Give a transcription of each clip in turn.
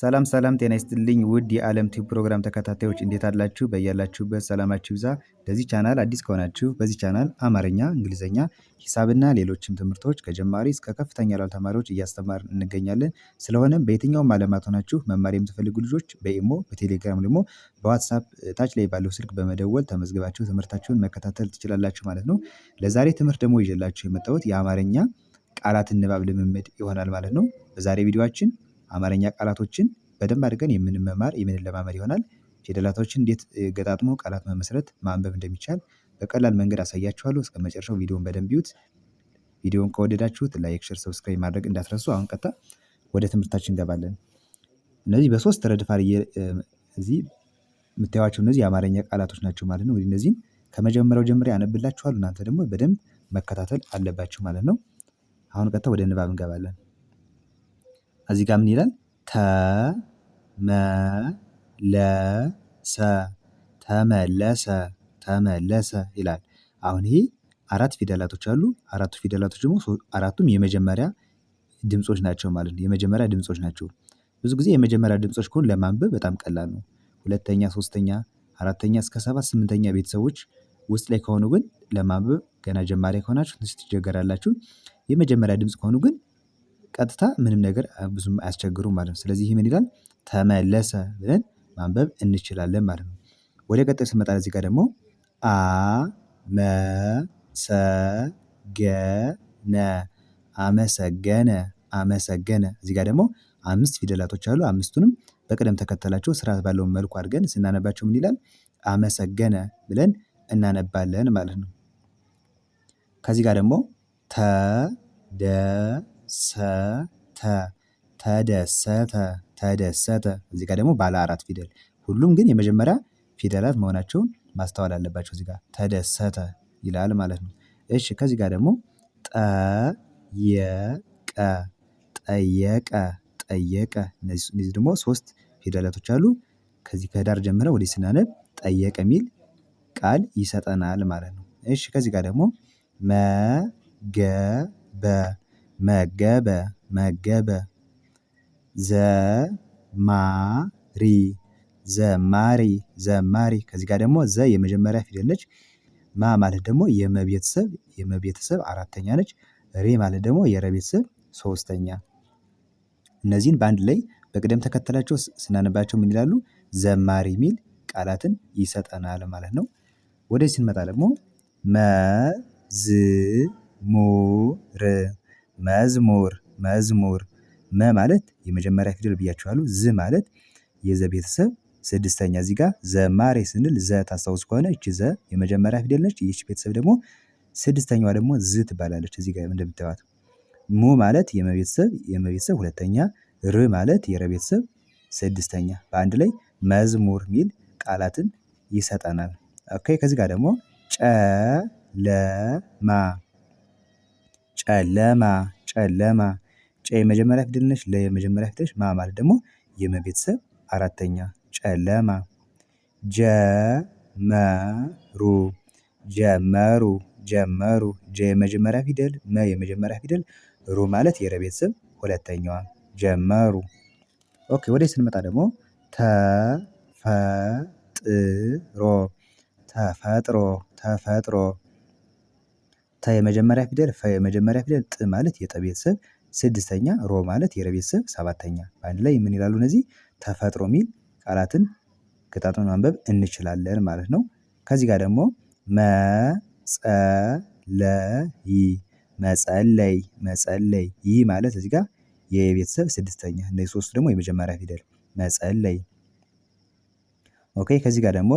ሰላም ሰላም ጤና ይስጥልኝ ውድ የዓለም ቲዩብ ፕሮግራም ተከታታዮች እንዴት አላችሁ? በያላችሁበት ሰላማችሁ ይብዛ። ለዚህ ቻናል አዲስ ከሆናችሁ በዚህ ቻናል አማርኛ፣ እንግሊዝኛ፣ ሂሳብና ሌሎችም ትምህርቶች ከጀማሪ እስከ ከፍተኛ ላሉ ተማሪዎች እያስተማር እንገኛለን። ስለሆነም በየትኛውም ዓለማት ሆናችሁ መማር የምትፈልጉ ልጆች በኢሞ በቴሌግራም ደግሞ በዋትሳፕ ታች ላይ ባለው ስልክ በመደወል ተመዝግባችሁ ትምህርታችሁን መከታተል ትችላላችሁ ማለት ነው። ለዛሬ ትምህርት ደግሞ ይዤላችሁ የመጣሁት የአማርኛ ቃላት ንባብ ልምምድ ይሆናል ማለት ነው። በዛሬ ቪዲዮችን አማርኛ ቃላቶችን በደንብ አድርገን የምንመማር የምንለማመድ ይሆናል። ፊደላቶችን እንዴት ገጣጥሞ ቃላት መመስረት ማንበብ እንደሚቻል በቀላል መንገድ አሳያችኋለሁ መጨረሻው ቪዲዮን በደንብ እዩት። ቪዲዮን ከወደዳችሁት ላይክ ሸር፣ ሰብስክራይብ ማድረግ እንዳትረሱ። አሁን ቀጥታ ወደ ትምህርታችን እንገባለን። እነዚህ በሶስት ረድፍ እዚህ የምታዩዋቸው እነዚህ የአማርኛ ቃላቶች ናቸው ማለት ነው። እነዚህን ከመጀመሪያው ጀምሬ አነብላችኋለሁ እናንተ ደግሞ በደንብ መከታተል አለባችሁ ማለት ነው። አሁን ቀጥታ ወደ ንባብ እንገባለን እዚህ ጋር ምን ይላል? ተመለሰ ተመለሰ ተመለሰ ይላል። አሁን ይሄ አራት ፊደላቶች አሉ አራቱ ፊደላቶች ደግሞ አራቱም የመጀመሪያ ድምጾች ናቸው ማለት ነው። የመጀመሪያ ድምጾች ናቸው። ብዙ ጊዜ የመጀመሪያ ድምጾች ከሆኑ ለማንበብ በጣም ቀላል ነው። ሁለተኛ ሶስተኛ አራተኛ እስከ ሰባት ስምንተኛ ቤተሰቦች ውስጥ ላይ ከሆኑ ግን ለማንበብ ገና ጀማሪ ከሆናችሁ ትንሽ ትቸገራላችሁ። የመጀመሪያ ድምፅ ከሆኑ ግን ቀጥታ ምንም ነገር ብዙም አያስቸግሩም ማለት ነው። ስለዚህ ይሄ ምን ይላል ተመለሰ ብለን ማንበብ እንችላለን ማለት ነው። ወደ ቀጣይ ስመጣ እዚህ ጋር ደግሞ አ መ ሰ ገ ነ አመሰገነ አመሰገነ እዚህ ጋር ደግሞ አምስት ፊደላቶች አሉ አምስቱንም በቅደም ተከተላቸው ስርዓት ባለው መልኩ አድርገን ስናነባቸው ምን ይላል አመሰገነ ብለን እናነባለን ማለት ነው። ከዚህ ጋር ደግሞ ተ ደ ሰተ ተደሰተ ተደሰተ እዚህ ጋር ደግሞ ባለ አራት ፊደል ሁሉም ግን የመጀመሪያ ፊደላት መሆናቸውን ማስተዋል አለባቸው እዚህ ጋር ተደሰተ ይላል ማለት ነው። እሺ ከዚህ ጋር ደግሞ ጠየቀ ጠየቀ ጠየቀ እነዚህ ደግሞ ሶስት ፊደላቶች አሉ። ከዚህ ከዳር ጀምረ ወደ ስናነብ ጠየቀ የሚል ቃል ይሰጠናል ማለት ነው። እሺ ከዚህ ጋር ደግሞ መገበ መገበ መገበ ዘማሪ ዘማሪ ዘማሪ ከዚህ ጋር ደግሞ ዘ የመጀመሪያ ፊደል ነች። ማ ማለት ደግሞ የመቤተሰብ ቤተሰብ አራተኛ ነች። ሬ ማለት ደግሞ የረ ቤተሰብ ሶስተኛ። እነዚህን በአንድ ላይ በቅደም ተከተላቸው ስናነባቸው ምን ይላሉ? ዘማሪ የሚል ቃላትን ይሰጠናል ማለት ነው። ወደዚህ ስንመጣ ደግሞ መዝሙር መዝሙር መዝሙር መ ማለት የመጀመሪያ ፊደል ብያችኋለሁ። ዝ ማለት የዘ ቤተሰብ ስድስተኛ እዚህ ጋር ዘማሬ ስንል ዘ ታስታውስ ከሆነ እች ዘ የመጀመሪያ ፊደል ነች። ይች ቤተሰብ ደግሞ ስድስተኛዋ ደግሞ ዝ ትባላለች። እዚህ ጋር እንደምታዩት ሙ ማለት የመቤተሰብ የመቤተሰብ ሁለተኛ ር ማለት የረ ቤተሰብ ስድስተኛ በአንድ ላይ መዝሙር የሚል ቃላትን ይሰጠናል። ኦኬ ከዚህ ጋር ደግሞ ጨለማ ጨለማ ጨለማ ጨ የመጀመሪያ ፊደል ነች ለ የመጀመሪያ ፊደል ነች ማ ማለት ደግሞ የመቤተሰብ አራተኛ ጨለማ ጀመሩ ጀመሩ ጀመሩ ጀ የመጀመሪያ ፊደል መ የመጀመሪያ ፊደል ሩ ማለት የረ ቤተሰብ ሁለተኛዋ ጀመሩ። ኦኬ ወደ ስንመጣ ደግሞ ተፈጥሮ ተፈጥሮ ተፈጥሮ ተ የመጀመሪያ ፊደል ፈ የመጀመሪያ ፊደል ጥ ማለት የጠ ቤተሰብ ስድስተኛ ሮ ማለት የረ ቤተሰብ ሰባተኛ በአንድ ላይ ምን ይላሉ እነዚህ ተፈጥሮ የሚል ቃላትን ገጣጥመን ማንበብ እንችላለን ማለት ነው። ከዚህ ጋር ደግሞ መጸለይ መጸለይ መጸለይ ይህ ማለት እዚህ ጋር የቤተሰብ ስድስተኛ እነዚህ ሶስቱ ደግሞ የመጀመሪያ ፊደል መጸለይ። ኦኬ ከዚህ ጋር ደግሞ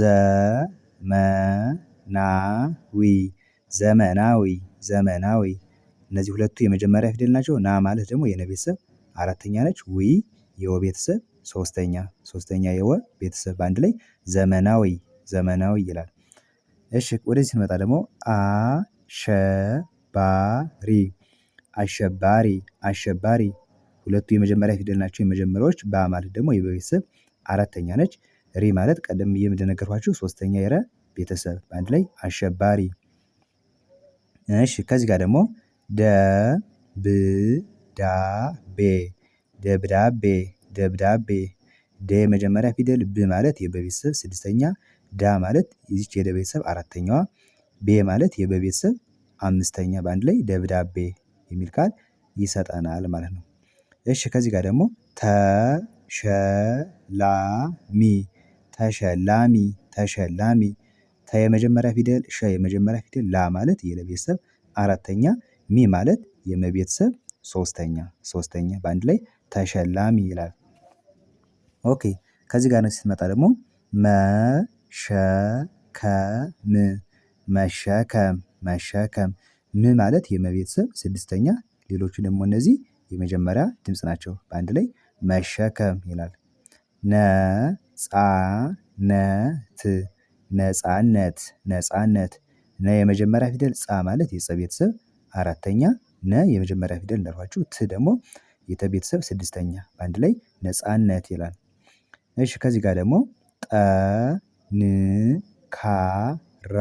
ዘመናዊ ዘመናዊ ዘመናዊ እነዚህ ሁለቱ የመጀመሪያ ፊደል ናቸው ና ማለት ደግሞ የነ ቤተሰብ አራተኛ ነች ዊ የወ ቤተሰብ ሶስተኛ ሶስተኛ የወ ቤተሰብ በአንድ ላይ ዘመናዊ ዘመናዊ ይላል። እሺ ወደዚህ ስንመጣ ደግሞ አሸባሪ አሸባሪ አሸባሪ ሁለቱ የመጀመሪያ ፊደል ናቸው። የመጀመሪያዎች ባ ማለት ደግሞ የቤተሰብ አራተኛ ነች። ሪ ማለት ቀደም ብዬ እንደነገርኳችሁ ሶስተኛ የረ ቤተሰብ በአንድ ላይ አሸባሪ እሺ ከዚህ ጋር ደግሞ ደብዳቤ ደብዳቤ ደብዳቤ ደ የመጀመሪያ ፊደል ብ ማለት የበቤተሰብ ስድስተኛ ዳ ማለት የዚች የደቤተሰብ አራተኛዋ ቤ ማለት የበቤተሰብ አምስተኛ በአንድ ላይ ደብዳቤ የሚል ቃል ይሰጠናል ማለት ነው። እሺ ከዚህ ጋር ደግሞ ተሸላሚ ተሸላሚ ተሸላሚ ተ የመጀመሪያ ፊደል፣ ሸ የመጀመሪያ ፊደል፣ ላ ማለት የለቤተሰብ አራተኛ፣ ሚ ማለት የመቤተሰብ ሶስተኛ ሶስተኛ በአንድ ላይ ተሸላሚ ይላል። ኦኬ ከዚህ ጋር ነው ስትመጣ ደግሞ መሸከም መሸከም መሸከም ም ማለት የመቤተሰብ ስድስተኛ ሌሎቹ ደግሞ እነዚህ የመጀመሪያ ድምፅ ናቸው። በአንድ ላይ መሸከም ይላል። ነፃነት ነጻነት ነጻነት ነ የመጀመሪያ ፊደል ጻ ማለት የጸ ቤተሰብ አራተኛ ነ የመጀመሪያ ፊደል እንዳልኳችሁ ት ደግሞ የተ ቤተሰብ ስድስተኛ በአንድ ላይ ነጻነት ይላል። እሺ ከዚህ ጋር ደግሞ ጠንካራ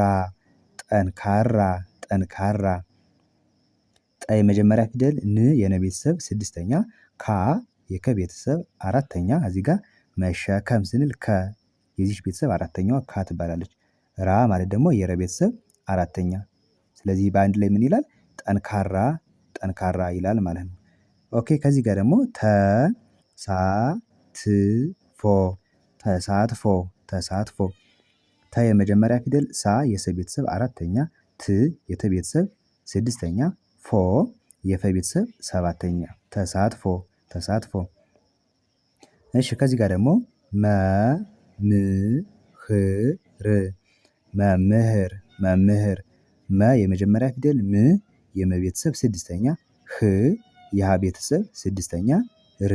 ጠንካራ ጠንካራ ጠ የመጀመሪያ ፊደል ን የነ ቤተሰብ ስድስተኛ ካ የከ ቤተሰብ አራተኛ እዚህ ጋር መሸከም ስንል ከ የዚች ቤተሰብ አራተኛዋ ካ ትባላለች። ራ ማለት ደግሞ የረ ቤተሰብ አራተኛ። ስለዚህ በአንድ ላይ ምን ይላል? ጠንካራ ጠንካራ ይላል ማለት ነው። ኦኬ ከዚህ ጋር ደግሞ ተሳትፎ ተሳትፎ ተሳትፎ ተ የመጀመሪያ ፊደል ሳ የሰ ቤተሰብ አራተኛ ት የተ ቤተሰብ ስድስተኛ ፎ የፈ ቤተሰብ ሰባተኛ ተሳትፎ ተሳትፎ። እሺ ከዚህ ጋር ደግሞ መ ምህር መምህር መምህር መ የመጀመሪያ ፊደል ም የመቤተሰብ ስድስተኛ ህ የሀ ቤተሰብ ስድስተኛ ር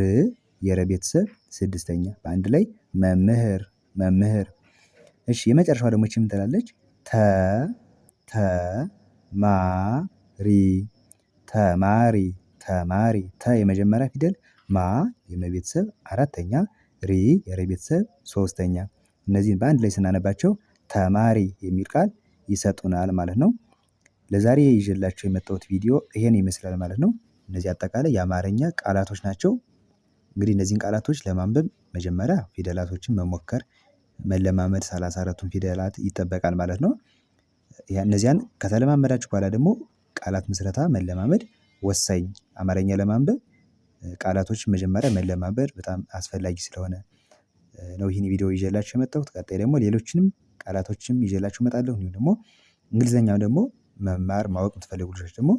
የረ ቤተሰብ ስድስተኛ በአንድ ላይ መምህር መምህር። እሺ የመጨረሻው ደግሞ ምን ትላለች? ተ ተ ማ ሪ ተማሪ ተማሪ ተ የመጀመሪያ ፊደል ማ የመቤተሰብ አራተኛ ሪ የረ ቤተሰብ ሶስተኛ እነዚህን በአንድ ላይ ስናነባቸው ተማሪ የሚል ቃል ይሰጡናል ማለት ነው። ለዛሬ ይዤላቸው የመጣሁት ቪዲዮ ይሄን ይመስላል ማለት ነው። እነዚህ አጠቃላይ የአማርኛ ቃላቶች ናቸው። እንግዲህ እነዚህን ቃላቶች ለማንበብ መጀመሪያ ፊደላቶችን መሞከር መለማመድ ሰላሳ አራቱን ፊደላት ይጠበቃል ማለት ነው። እነዚያን ከተለማመዳችሁ በኋላ ደግሞ ቃላት ምስረታ መለማመድ ወሳኝ አማርኛ ለማንበብ ቃላቶች መጀመሪያ መለማመድ በጣም አስፈላጊ ስለሆነ ነው ይህን ቪዲዮ ይዤላችሁ የመጣሁት። ቀጣይ ደግሞ ሌሎችንም ቃላቶችም ይዤላችሁ እመጣለሁ። እንዲሁም ደግሞ እንግሊዝኛው ደግሞ መማር ማወቅ የምትፈልጉ ልጆች ደግሞ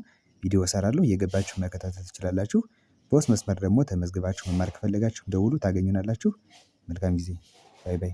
ቪዲዮ እሰራለሁ እየገባችሁ መከታተል ትችላላችሁ። በውስጥ መስመር ደግሞ ተመዝግባችሁ መማር ከፈለጋችሁ ደውሉ ታገኙናላችሁ። መልካም ጊዜ ባይ ባይ